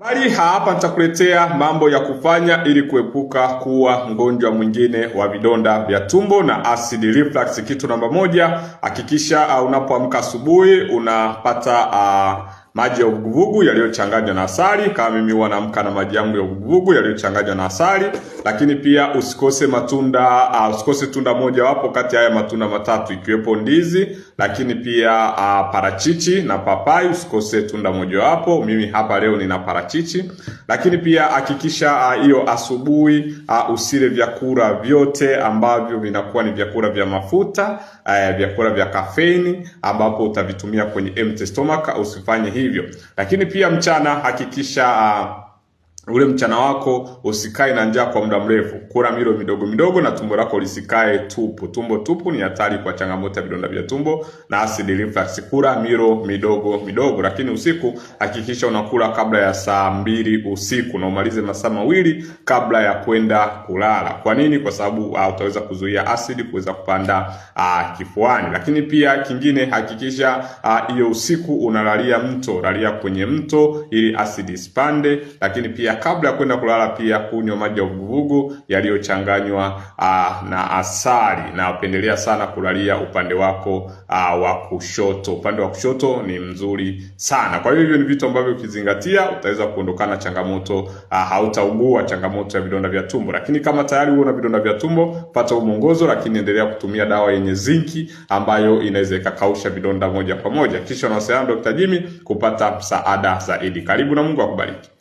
Bali hapa nitakuletea mambo ya kufanya ili kuepuka kuwa mgonjwa mwingine wa vidonda vya tumbo na acid reflux. Kitu namba moja, hakikisha uh, unapoamka asubuhi unapata uh, maji ya uvuguvugu yaliyochanganywa na asali. Kama mimi huwa naamka na maji yangu ya uvuguvugu yaliyochanganywa na asali lakini pia usikose matunda uh, usikose tunda moja wapo kati ya haya matunda matatu ikiwepo ndizi, lakini pia uh, parachichi na papai. Usikose tunda moja wapo. Mimi hapa leo nina parachichi, lakini pia hakikisha uh, hiyo uh, asubuhi uh, usile vyakula vyote ambavyo vinakuwa ni vyakula vya mafuta uh, vyakula vya kafeini ambapo utavitumia kwenye empty stomach. Usifanye hivyo, lakini pia mchana hakikisha uh, ule mchana wako usikae na njaa kwa muda mrefu. Kula milo midogo midogo na tumbo lako lisikae tupu. Tumbo tupu ni hatari kwa changamoto ya vidonda vya tumbo na acid reflux. Kula milo midogo midogo, lakini usiku hakikisha unakula kabla ya saa mbili usiku na umalize masaa mawili kabla ya kwenda kulala. Kwa nini? Kwa sababu uh, utaweza kuzuia asidi kuweza kupanda uh, kifuani. Lakini pia kingine, hakikisha ah, hiyo uh, usiku unalalia mto, lalia kwenye mto ili asidi isipande. Lakini pia kabla ya kwenda kulala, pia kunywa maji ya vuguvugu yaliyochanganywa ah, na asali, na upendelea sana kulalia upande wako ah, wa kushoto. Upande wa kushoto ni mzuri sana. Kwa hiyo hivyo ni vitu ambavyo ukizingatia utaweza kuondokana changamoto, ah, hautaugua changamoto ya vidonda vya tumbo. Lakini kama tayari una vidonda vya tumbo, pata mwongozo, lakini endelea kutumia dawa yenye zinki ambayo inaweza ikakausha vidonda moja kwa moja. Kisha unawasiliana na Dr. Jimmy kupata msaada zaidi. Karibu na Mungu akubariki.